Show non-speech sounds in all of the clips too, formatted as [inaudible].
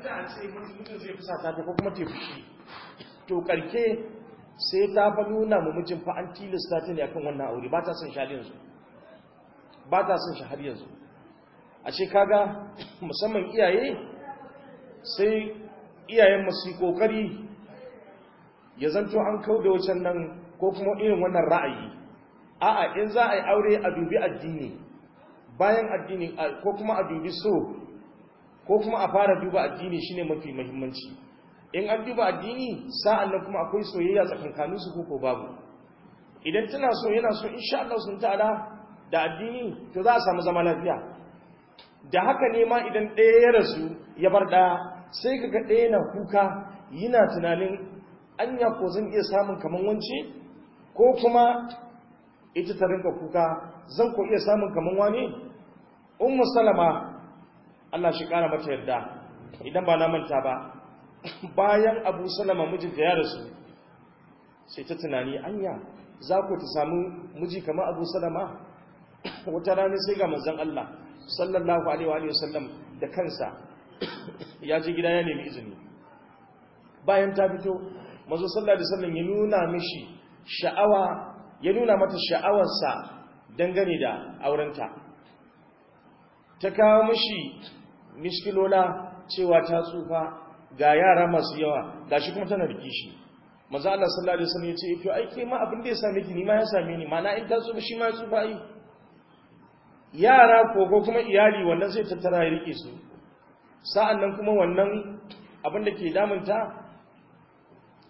ko kuma to karke sai ta fa nuna mu mijin fa an tilasta ta ne akan wannan aure ba ta son shi har yanzu ba ta son shi har yanzu ce kaga musamman iyaye sai iyayen masu kokari ya zanto an kau da nan ko kuma irin wannan ra'ayi a'a in za a yi aure a dubi addini bayan addini ko kuma a dubi so ko kuma a fara duba addini shine mafi muhimmanci in an duba addini sa'an nan kuma akwai soyayya tsakankanin su ko babu idan tana so yana so insha Allah sun ta'ala da addini to za a samu zama lafiya da haka ne ma idan ɗaya ya rasu ya bar ɗaya sai kaga ɗaya na kuka yana tunanin anya ko zan iya samun kaman wance ko kuma ita ta rinka kuka zan ko iya samun kaman wane ummu salama Allah shi kara mata yarda idan ba na manta ba [coughs] bayan Abu Salama mijinta ya rasu sai ta tunani anya za ku ta samu miji kamar Abu Salama [coughs] wata rana sai ga mazan Allah sallallahu alaihi wa sallam da kansa [coughs] ya ji gida ya nemi izini bayan ta fito manzo sallallahu alaihi wasallam ya nuna mishi sha'awa ya nuna mata sha'awarsa dangane da aurenta ta kawo mishi Miskilola cewa ta tsufa ga yara masu yawa ga shi kuma tana riki shi maza Allah sallallahu alaihi wasallam yace if ai aike ma abin da ya same ki ni ma ya same ni mana in ta tsufa shi ma ya tsufa ai yara ko ko kuma iyali wannan zai tattara ya rike su sa'an nan kuma wannan abin da ke damunta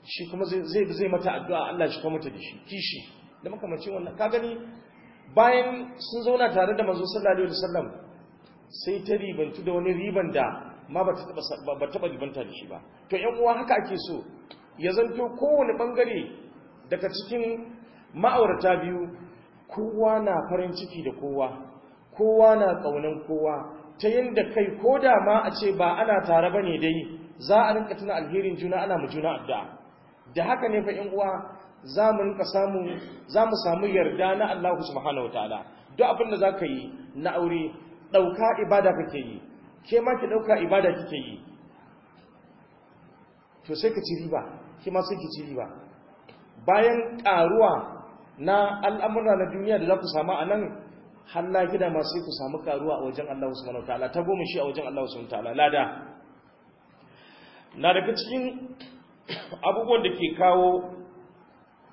shi kuma zai zai mata addu'a Allah shi kuma mata da shi kishi da makamacin wannan ka gani bayan sun zauna tare da manzo sallallahu alaihi wasallam sai ta ribantu da wani riban da ma ba ta taba ribanta da shi ba to yan uwa haka ake so ya zanto kowane bangare daga cikin ma'aurata biyu kowa na farin ciki da kowa kowa na kaunan kowa ta yadda kai ko da ma a ce ba ana tare ba ne dai za a rinka tuna alherin juna ana mu juna addu'a da haka ne fa yan uwa za mu rinka samu za mu samu yarda na Allah subhanahu wataala duk abin da za ka yi na aure ɗauka ibada kake yi ke ma ki ɗauka ibada kike yi to sai ka ci riba ki ma sai ki ci riba bayan ƙaruwa na al'amura na duniya da za ku samu a nan halla gida ma sai ku samu ƙaruwa a wajen Allah subhanahu ta'ala ta goma shi a wajen Allah subhanahu ta'ala lada na daga cikin abubuwan da ke kawo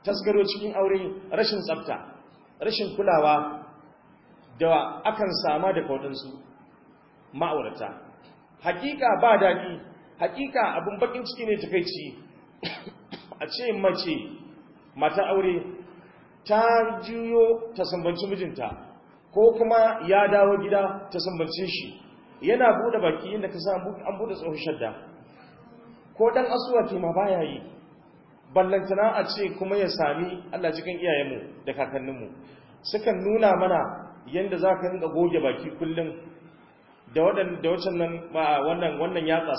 tasgaro cikin aure rashin tsafta rashin kulawa da akan sama da waɗansu ma'aurata hakika ba daɗi hakika abin bakin ciki ne ta kai a ce mace mata aure ta juyo ta sambanci mijinta ko kuma ya dawo gida ta sambance shi yana buɗe baki inda ka samu an buɗe tsohon shadda ko dan asuwa ke ma baya yi ballantana a ce kuma ya sami Allah cikin iyayenmu da kakanninmu sukan nuna mana yanda za ka ringa goge baki kullum da wacan nan wannan wannan yatsa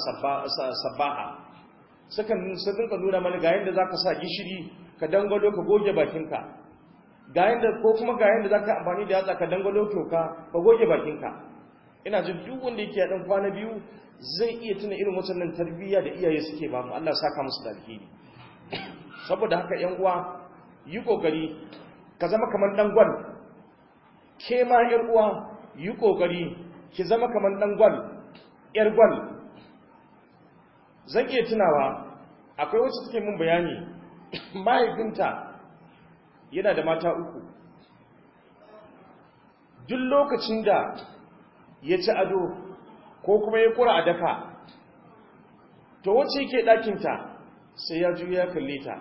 sabaha sukan sun nuna mana ga yanda za ka sa gishiri ka dangwado ka goge bakinka ga yadda ko kuma ga yanda za ka amfani da yatsa ka dangwado toka ka goge bakinka ina jin duk wanda yake dan kwana biyu zai iya tuna irin nan tarbiyya da iyaye suke ba mu Allah saka musu da saboda haka yan uwa yi kokari ka zama kamar ɗan gwal ke ma ‘yar uwa yi ƙoƙari ki zama kamar ɗan gwal ‘yar gwal zan iya tunawa akwai wasu take mun bayani [coughs] mahaifinta yana da mata uku duk lokacin da ya ci ado ko kuma ya kura a dafa to wacce yake ɗakinta sai ya juya kalle ta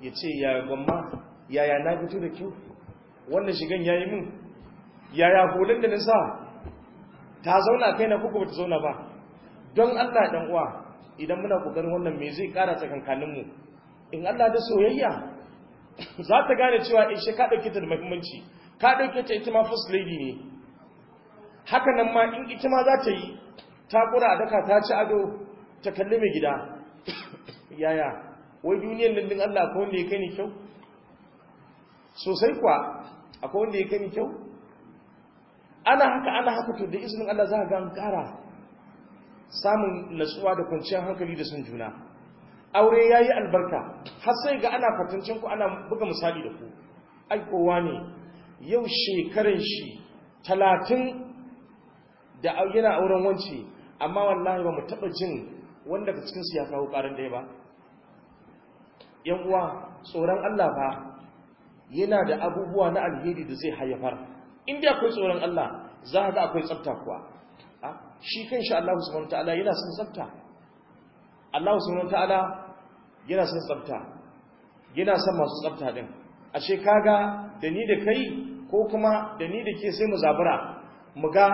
ya ce ya gwamma yaya na fito da kyau wannan shigan ya yi min yaya hulan da na sa ta zauna kai na kuka ta zauna ba don Allah dan uwa idan muna kokarin wannan me zai kara tsakankanin mu in Allah da soyayya [coughs] za ta gane cewa in eh, shi ka dauke ta da muhimmanci ka dauke ta ita ma first lady ne Hakanan ma in ita ma za ta yi ta kura a daka ta ci ado ta kalli mai gida [coughs] yaya wai duniyar nan din Allah akwai wanda ya kai kyau sosai kuwa akwai wanda ya kai kyau ana haka ana haka to da izinin Allah za ga an ƙara samun natsuwa da kwanciyar hankali da sun juna aure ya yi albarka har sai ga ana kwatancin ku ana buga misali da ku ai kowa ne yau shekaran shi talatin da yana auren wance amma wallahi ba mu taɓa jin wanda ka cikinsu ya kawo ƙarin ɗaya ba yan uwa tsoron allah ba yana da abubuwa na alheri da zai haifar in dai akwai tsoron Allah za ka ga akwai tsafta kuwa ah, shi kan shi Allah subhanahu ta'ala yana son tsafta Allah subhanahu ta'ala yana son tsafta yana son masu tsafta din ashe kaga da ni da kai ko kuma da ni da ke sai mu zabura mu ga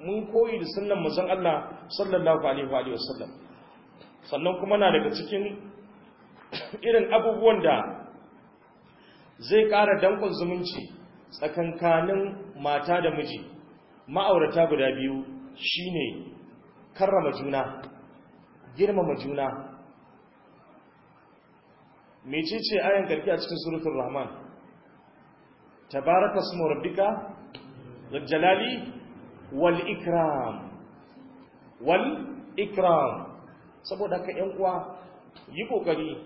mun koyi da sunnan manzon Allah sallallahu alaihi wa alihi wasallam sannan kuma na daga cikin [coughs] irin abubuwan da zai ƙara dankon zumunci tsakankanin mata da miji ma'aurata guda biyu shine karrama juna girmama juna mecece ayan karki a cikin suratul rahman tabaraka smu rabbika dhul jalali wal ikram wal ikram saboda ka yan uwa yi kokari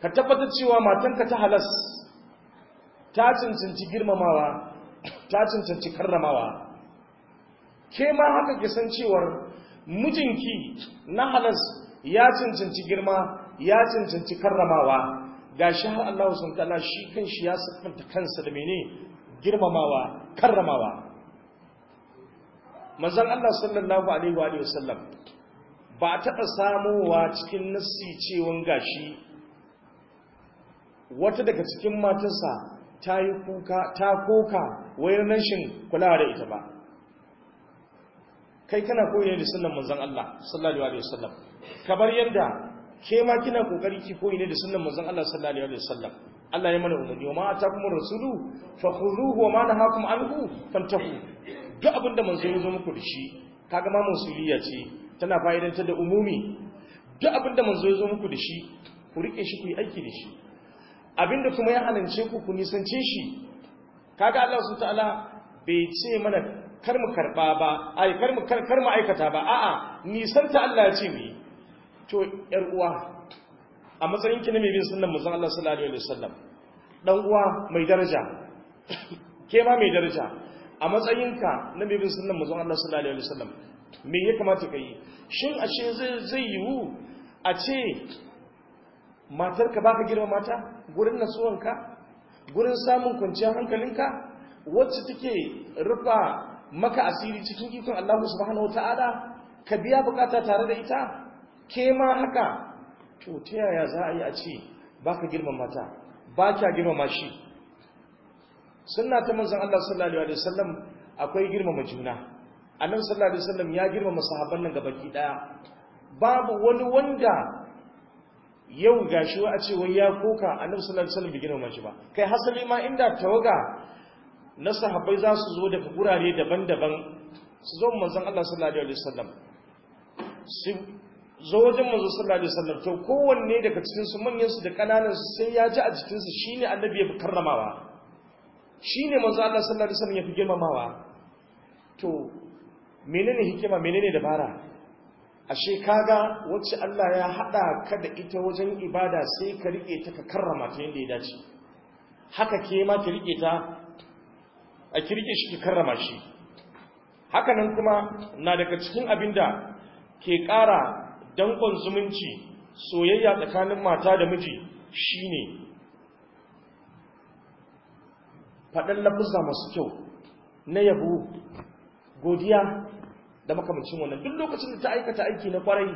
ka tabbatar cewa matanka ta halas ta cancanci girmamawa ta cancanci karramawa ke ma haka kisan cewar mijinki na halas ya cancanci girma ya cancanci karramawa Ga shi har Allah sun ta'ala shi kan shi ya siffanta kansa da mene girmamawa karramawa manzon Allah sallallahu alaihi wa sallam ba taɓa samowa cikin nassi cewon gashi wata daga cikin matarsa ta yi kuka ta koka wai shin kulawa da ita ba kai kana koyi da sunnan manzon Allah sallallahu alaihi wasallam kamar yadda ke ma kina kokari ki koyi ne da sunnan manzon Allah sallallahu alaihi wasallam Allah ya mana umarni wa ma kuma rasulu Fa fakhuduhu wa ma nahakum anhu fantahu duk abinda manzo ya zo muku da shi kaga ma musuliya ce tana fa'idantar da umumi duk abinda manzo ya zo muku da shi ku rike shi ku yi aiki da shi abinda kuma ya halance ku ku nisance shi kaga Allah subhanahu ta'ala bai ce mana kar mu karba ba ai kar mu kar mu aikata ba a'a nisan ta Allah ce mu to yar uwa a matsayin ki na mai bin sunnan manzon Allah sallallahu alaihi wasallam dan uwa mai daraja [coughs] ke ma mai daraja a matsayinka na mai bin sunnan manzon Allah sallallahu alaihi wasallam me ya kamata ka yi shin ashe zai yiwu a ce matar ka baka girma mata gurin nasuwanka gurin samun kwanciyar hankalinka wacce take rufa maka asiri cikin ikon Allah subhanahu wataala ka biya bukata tare da ita ke ma haka to ta yaya za a yi a ce ka girmama ta ba kya girmama shi suna ta manzan Allah sallallahu alaihi wasallam akwai girmama juna annabi sallallahu alaihi wasallam ya girmama sahabban nan gabaki daya babu wani wanda yau shi wa a ce wai ya koka a nan sanar sanar bikin girmama shi ba kai hasali ma inda tawaga na sahabbai za su zo daga gurare daban-daban su zo manzon Allah sallallahu alaihi wasallam su zo wajen manzon sallallahu alaihi wasallam to kowanne daga cikin su manyan su da kananan su sai ya ji a jikin su shine annabi ya fi karramawa shine manzon Allah sallallahu alaihi wasallam ya fi girmamawa to menene hikima menene dabara ashe kaga wacce Allah ya hada ka da ita wajen ibada sai ka rike ta ka karrama ta yadda ya dace haka ke ma ka rike ta a ki shi ki karrama shi haka nan kuma na daga cikin abinda ke ƙara dankon zumunci soyayya tsakanin mata da miji shine faɗan lafuzza masu kyau na yabo godiya da makamancin wannan duk lokacin da ta aikata aiki na kwarai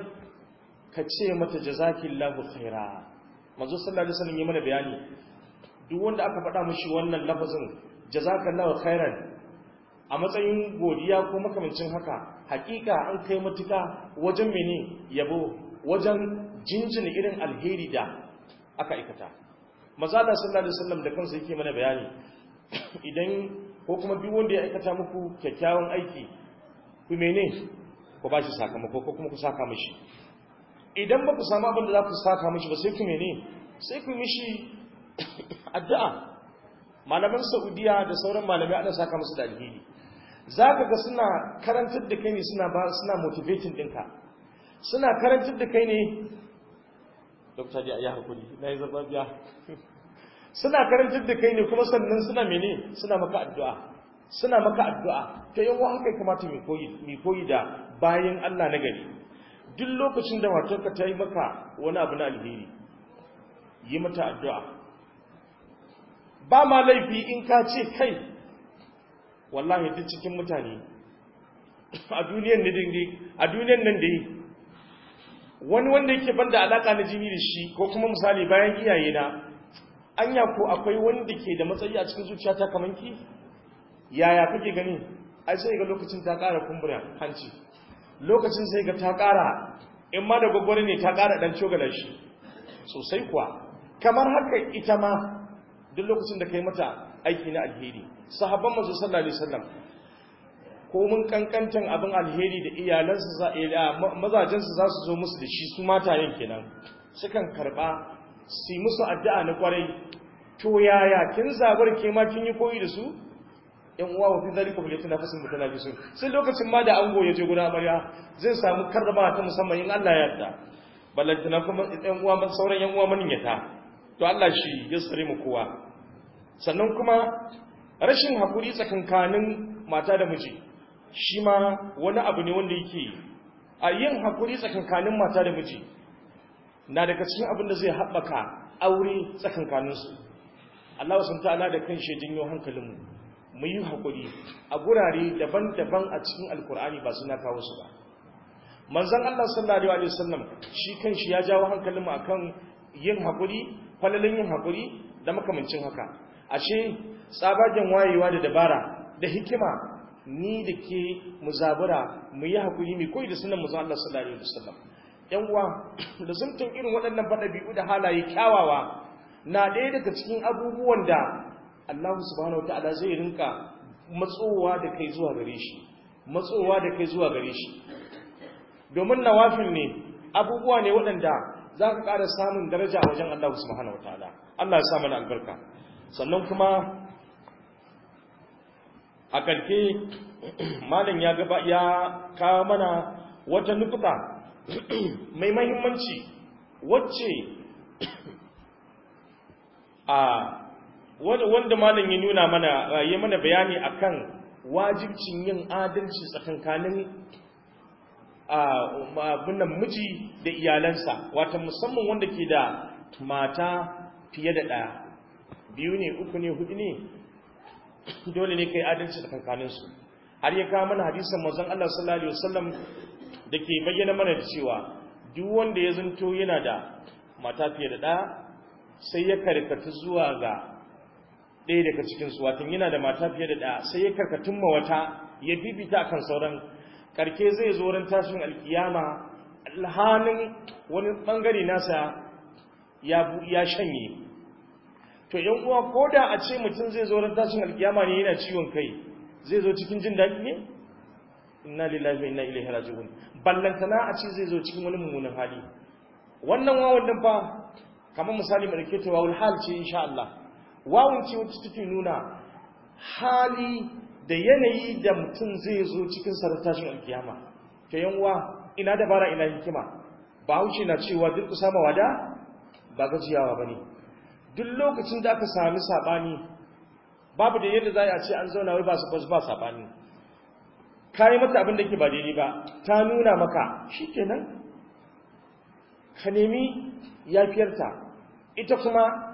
ka ce mata jazakillahu khaira manzo sallallahu alaihi wasallam ya mana bayani duk wanda aka faɗa mishi wannan lafazin jazakallahu khairan a matsayin godiya ko makamancin haka hakika an kai matuka wajen mene yabo wajen jinjina irin alheri da aka aikata maza da sallallahu alaihi wasallam da kansa yake mana bayani [coughs] idan ko kuma duk wanda ya aikata muku kyakkyawan aiki ku mene ku ba shi sakamako ko kuma ku saka mishi idan ba ku samu abin da za ku saka mishi ba sai ku mene sai ku mishi [coughs] addu'a malaman saudiya da sauran malamai ana saka musu da alheri za ka ga suna karantar da kai ne suna ba suna motivating ɗinka suna karantar da kai ne dokta ji a yi hakuri na yi biya [laughs] suna karantar da kai ne kuma sannan suna mene suna maka addu'a suna maka addu'a ta yan haka kamata mai koyi da bayan Allah na gari duk lokacin da matarka ta yi maka wani abu na alheri yi mata addu'a ba ma laifi in ka ce kai wallahi duk cikin mutane a duniyan nan da yi wani wanda yake banda alaka na jini da shi ko kuma misali bayan iyaye na anya ko akwai wanda ke da matsayi a cikin zuciya ta ki yaya kuke gani ai sai ga lokacin ta ƙara kumbura hanci lokacin sai ga ta ƙara in ma da ne ta kara ɗan cogalar shi sosai kuwa kamar haka ita ma duk lokacin da kai mata aiki na alheri sahabban masu sallallahu alaihi wasallam ko mun kankantan abin alheri da iyalansu za eh, mazajensu za su zo musu da shi su matayen kenan sukan karba su musu addu'a na kwarai to yaya kin zabar ke ma kin yi koyi da su yan uwa wa fi zalika mutana bi mutanafisun sai lokacin ma da ango ya je guda amarya zai samu karrama ta musamman in Allah ya yarda ballantana kuma yan uwa ban sauran yan uwa maninyata to Allah shi ya tsare mu kowa sannan kuma rashin hakuri tsakankanin mata da miji shi ma wani abu ne wanda yake a yin hakuri tsakankanin mata da miji na daga cikin abin da zai haɓaka aure su Allah wasu ta'ala da kan janyo yau hankalinmu mu yi haƙuri a gurare daban-daban a cikin alkur'ani ba suna kawo su ba manzan allah sallallahu alaihi wasallam shi kan shi ya jawo hankalin mu akan yin haƙuri falalin yin hakuri da makamancin haka ashe tsabagen wayewa da dabara da hikima ni da ke mu mu yi haƙuri mai koyi da sunan manzan allah sallallahu alaihi wasallam yan uwa da sun tun irin waɗannan faɗabi'u da halaye kyawawa na ɗaya daga cikin abubuwan da Allah subhanahu wataala zai rinka matsowa da kai zuwa gare shi matsowa da kai zuwa gare shi domin nawafin ne abubuwa ne waɗanda za ka ƙara samun daraja wajen Allah subhanahu wataala Allah ya sa mana albarka sannan kuma a ƙarfe [clears throat] malam ya gaba ya kawo mana wata nukuta [clears throat] mai mahimmanci wacce [clears throat] a wanda malam ya nuna mana uh, yi mana bayani akan wajibcin yin adalci tsakankanin uh, abunan miji da iyalansa wata musamman wanda ke da mata fiye da ɗaya biyu ne uku ne hudu ne dole ne kai adalci tsakankaninsu har ya kawo mana hadisan mazan Allah sallallahu wasallam da ke bayyana mana da cewa duk wanda ya zanto yana da mata fiye da ɗaya sai ya karkata zuwa ga ɗaya daga cikin su yana da mata fiye da ɗaya sai ya karkatun ma wata ya bibita kan sauran ƙarke zai zo wurin tashin alkiyama alhanin wani bangare nasa ya shanye to yan uwa ko da a ce mutum zai zo wurin tashin alkiyama ne yana ciwon kai zai zo cikin jin daɗi ne inna lillahi wa inna ilaihi raji'un ballantana a ce zai zo cikin wani mummunan hali wannan wa wannan fa kamar misali mu rike ta hal ce insha Allah wawun ce wacce take nuna hali da yanayi da mutum zai zo cikin sarrafashin alkiyama ta yanwa ina dabara ina hikima ba wuce na cewa duk sama wada ba gajiyawa ba ne duk lokacin da aka sami saɓani babu da yadda za a ce an zauna wai ba su ba saɓani ka yi mata abin da ke ba daidai ba ta nuna maka shi kenan ka nemi yafiyarta ita kuma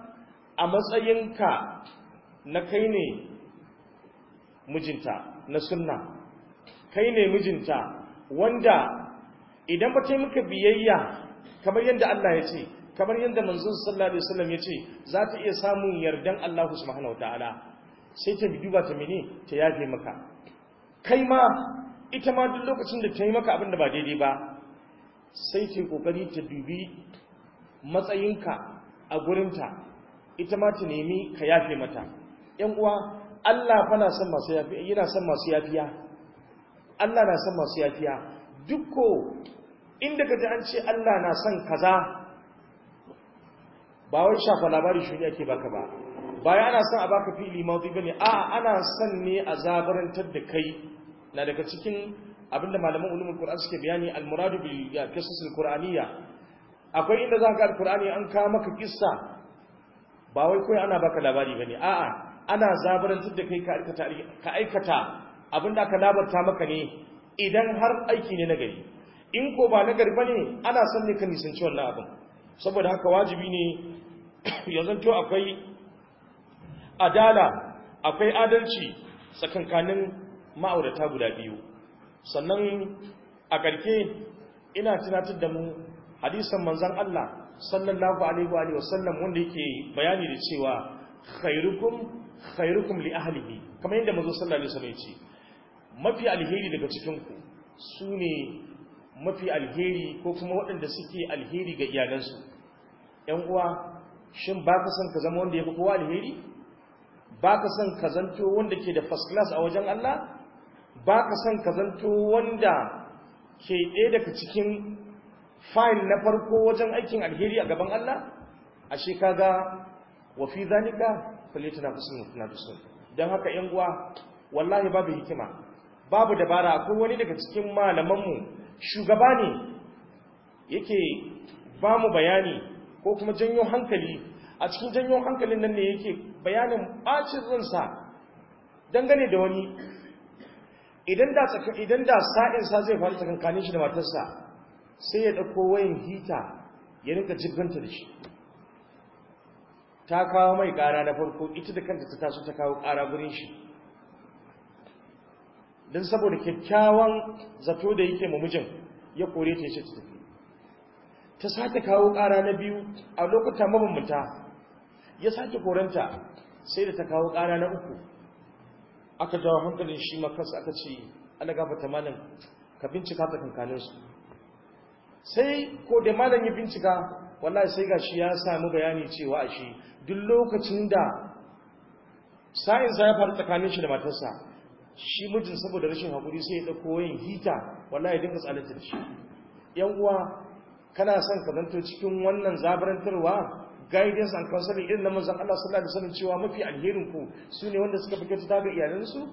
a matsayinka na kai ne mijinta na sunna kai ne mijinta wanda idan ba ta maka biyayya kamar yadda Allah ya ce kamar yadda manzon sallallahu alaihi wasallam ya ce za ta iya samun yardan Allah subhanahu wataala sai ta duba ta mene ta yafe maka kai ma ita ma duk lokacin da ta yi maka abin da ba daidai ba sai ta yi kokari ta dubi matsayinka a gurinta ita ma ta nemi ka yafe mata yan uwa Allah fa na son masu yafiya yana son masu yafiya Allah na son masu yafiya dukko inda ka kaji an ce Allah na son kaza ba wai shafa labari ne ake baka ba ya ana son a baka fili ba bane a ana son ne a zabarantar da kai na daga cikin abinda malaman ulumul qur'an suke bayani almuradu muradu bil qisas al qur'aniyya akwai inda zaka ga al qur'ani an kawo maka kissa ba wai kawai ana baka labari bane a'a ana zabarantar da kai ka aikata abin aikata aka labarta maka ne idan har aiki ne na gari in ko ba na gari bane ana son ne ka nisanci wannan abin saboda haka wajibi ne [coughs] yanzu zanto akwai adala akwai adalci tsakankanin ma'aurata guda biyu sannan a ƙarke ina tunatar da mu hadisan manzan Allah sallallahu alaihi wa sallam wanda yake bayani da cewa khairukum khairukum li ahlihi kamar yadda manzo sallallahu alaihi ya yace mafi alheri daga cikin ku sune mafi alheri ko kuma waɗanda suke alheri ga iyalansu ƴan uwa shin ba ka san ka zama wanda yafi kowa alheri ba ka san ka zanto wanda ke da first class a wajen Allah ba ka san ka zanto wanda ke ɗaya daga cikin file na farko wajen aikin alheri a gaban Allah ashe kaga wa fi zalika falyatana kusun na dusun dan haka yan uwa wallahi babu hikima babu dabara akwai wani daga cikin malamanmu shugaba ne yake ba mu bayani ko kuma janyo hankali a cikin janyo hankalin nan ne yake bayanin bacin ransa dangane da wani idan da sa'insa zai faru tsakankanin shi da matarsa sai ya ɗauko wayan hita ya rinka jibanta da shi ta kawo mai ƙara na farko ita da kanta ta taso ta kawo ƙara gurin shi don saboda kyakkyawan zato da yake mamijin ya kore ta yace ta ta sake kawo ƙara na biyu a lokuta mabambanta ya sake koranta sai da ta kawo ƙara na uku aka jawo hankalin shi makarsa aka ce ana gafata malam ka bincika ta kankaninsu sai ko da malam ya bincika wallahi sai ga shi ya sami bayani cewa a shi duk lokacin da sa'insa ya faru tsakanin shi da matarsa shi mijin saboda rashin haƙuri sai ya ɗauko yin hita wallahi dinga dinka da shi yan uwa kana son ka cikin wannan zabarantarwa guidance and counseling irin na manzon Allah sallallahu alaihi wasallam cewa mafi alherin ku sune wanda suka fi kyauta ga iyalansu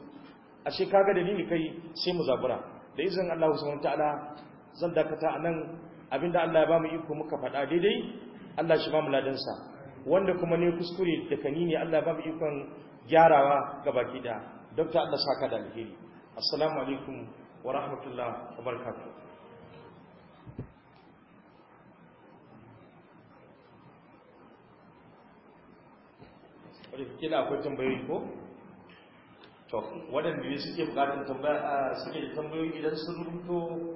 ashe kaga dalili kai sai mu zabura da izinin Allah subhanahu wataala zan dakata a nan abinda Allah ya ba mu iko muka faɗa daidai Allah shi ba mu ladansa wanda kuma ne kuskure da kani ne Allah ya ba mu ikon gyarawa ga baki da dokta Allah saka da alheri assalamu alaikum wa rahmatullahi wa barakatuh kina akwai tambayoyi ko to waɗanda ne suke bukatar tambaya ah, suke da tambayoyi idan sun rubuto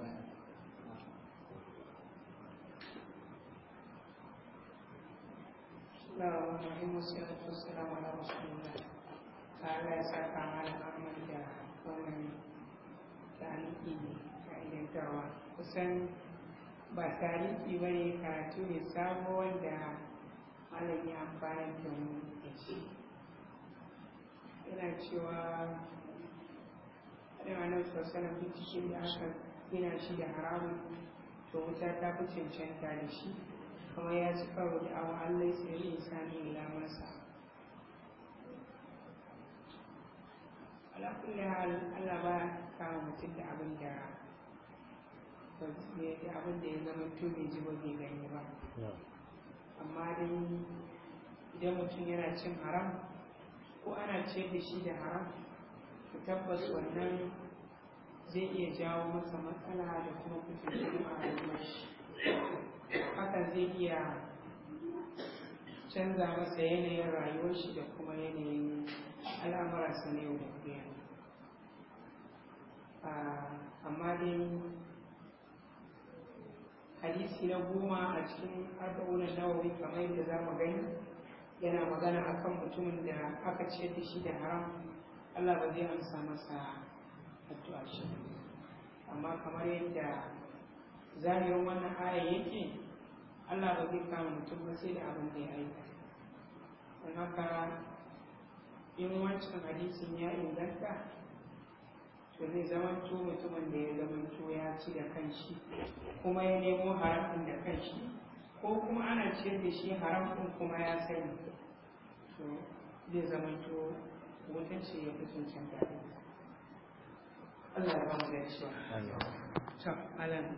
Bismillahirrahmanirrahim. Wassalamu ala rasulillah. Allah ya saka mana Ahmad da wannan tariki da idantawa. Kusan ba tariki ba ne karatu ne sabo wanda malam ya amfana da mu Ina shi. Yana cewa da wannan sosanan binciken da aka gina shi da haramun to wuta ta fi cancanta da shi kamar ya ci karo da awa allai sai ne sani lamarsa alaƙun da allah ba kama mutum da abin da abin da ya zama tuni ji ba bai gani ba amma dai idan mutum yana cin haram ko ana ce da shi da haram ku tabbas wannan zai iya jawo masa matsala da kuma kusurci a rayuwar shi hakan zai iya canza masa yanayin rayuwar shi da kuma yanayin al'amuransa na yau da kullum ah, amma dai hadisi na goma a cikin arba'unan nawawi kamar yadda za mu gani yana magana akan mutumin da aka ce da shi da haram Allah ba zai amsa masa addu'a shi amma kamar yadda zahirin wannan aya yake Allah ba zai kama mutum ba sai da abin da ya aikata don haka in wancan hadisin ya inganta to zai zamanto mutumin da ya zamanto ya ci da kanshi kuma ya nemo haramun da kanshi ko kuma ana ciyar da shi haramun kuma ya sani to zai zamanto wutan ce ya fi cancanta Allah ya ba mu gaciya. Can, Alan.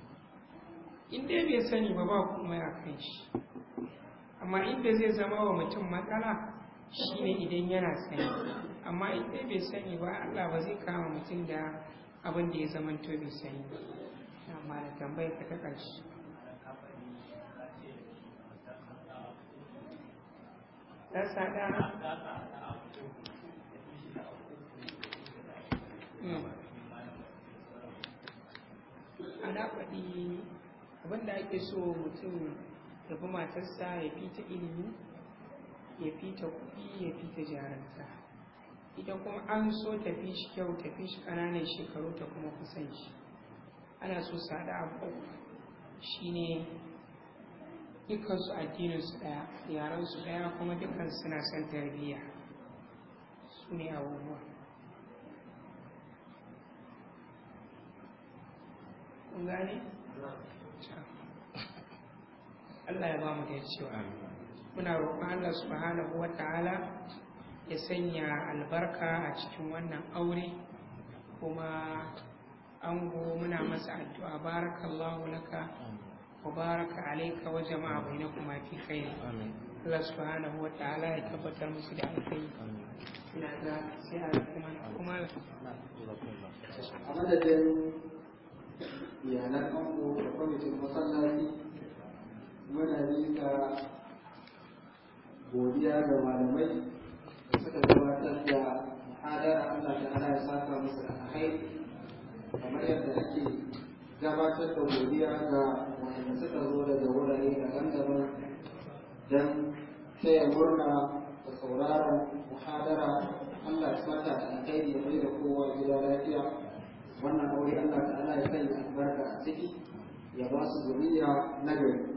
Inda dai bai sani ba ba komai a kan shi amma inda zai zama wa mutum matsala shine idan yana sani amma in dai bai sani ba Allah ba zai kama mutum da abin da ya zama to bai sani ba amma da tambayar ka ta ƙarshe Dasa hmm. ana faɗi abinda ake so mutum ya fi matarsa ya fi ta ilimi ya fi ta kuɗi ya fi ta jaranta idan kuma an so tafi shi kyau tafi shi ƙananan shekaru ta kuma kusan shi ana so su haɗa abu shine dukansu addininsu ɗaya yarensu ɗaya kuma dukkan suna son tarbiyya su ne abubuwa kun gane? Allah ya ba mu da cewa muna roƙon Allah subhanahu wa ta'ala ya sanya albarka a cikin wannan aure kuma ango muna masa addu'a barakallahu laka wa baraka alayka wa jama'a bainakum fi khair Allah subhanahu wa ta'ala ya tabbatar musu da alkhairi ina ga sai a kuma kuma a madadin iyalan ango da kwamitin masallaci muna miƙa godiya ga malamai da suka gabatar da muhadara Allah da ya saka musu da alheri kamar yadda ake gabatar da godiya ga wanda suka zo daga wurare daban-daban don taya murna da sauraron muhadara Allah ya saka da ya mai da kowa gida lafiya wannan aure Allah ta'ala ya sanya albarka a ciki ya ba su zuriya na gari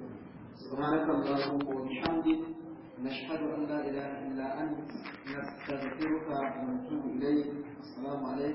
سبحانك اللهم وبحمدك نشهد ان لا اله الا انت نستغفرك ونتوب اليك السلام عليكم